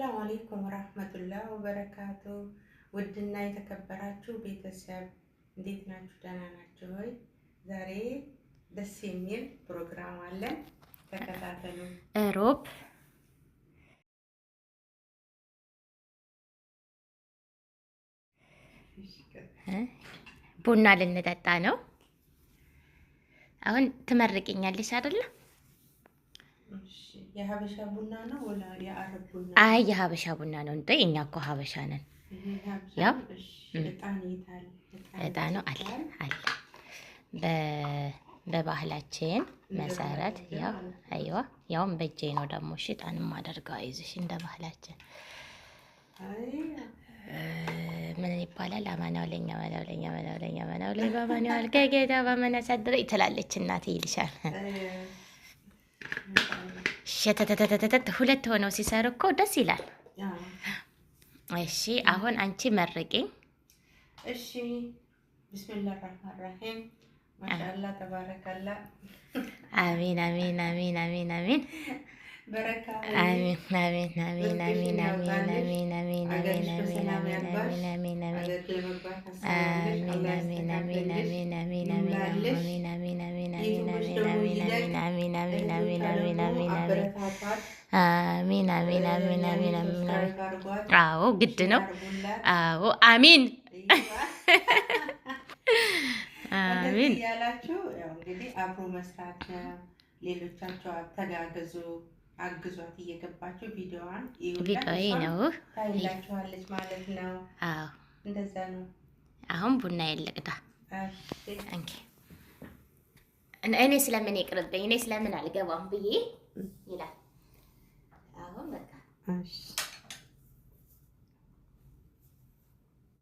አሰላሙ አሌይኩም ወራህመቱላህ ወበረካቱ። ውድና የተከበራችሁ ቤተሰብ እንዴት ናችሁ? ደህና ናችሁ ወይ? ዛሬ ደስ የሚል ፕሮግራም አለን፣ ተከታተሉ። ሮብ ቡና ልንጠጣ ነው። አሁን ትመርቅኛለሽ አይደለም? አይ የሀበሻ ቡና ነው እንደ እኛ እኮ ሀበሻ ነን። ያው እጣኑ አለ አለ በባህላችን መሰረት ያው አይዋ ያውም በእጄ ነው ደግሞ ሽጣን ማደርገው አይዝሽ እንደ ባህላችን ምን ይባላል? አማናው ለኛ ማናው ለኛ ማናው ለኛ ማናው ለኛ በማናው አልከ ጌታ በመናሳድረ ትላለች እናቴ ይልሻል። ሸተተተተተተት ሁለት ሆነው ሲሰሩ እኮ ደስ ይላል። እሺ አሁን አንቺ መርቂኝ። እሺ ብስሚላ ራህማን ራሂም ማሻአላ ተባረካላ። አሚን አሚን አሚን አሚን አሚን አሚን አሜን አሜን አሜን አሜን አሜን አሜን አዎ ግድ ነው። አዎ አሜን አሜን ያላችሁ እንግዲህ አብሮ መስራት ሌሎቻቸው ተጋገዙ፣ አግዟት እየገባችሁ ቪዲዮዋን ቪዲዮዬ ነው ታይላችኋለች ማለት ነው። አዎ እንደዛ ነው። አሁን ቡና የለቅዳ እኔ ስለምን ይቅርብኝ፣ እኔ ስለምን አልገባም ብዬ ይላል። አሁን በቃ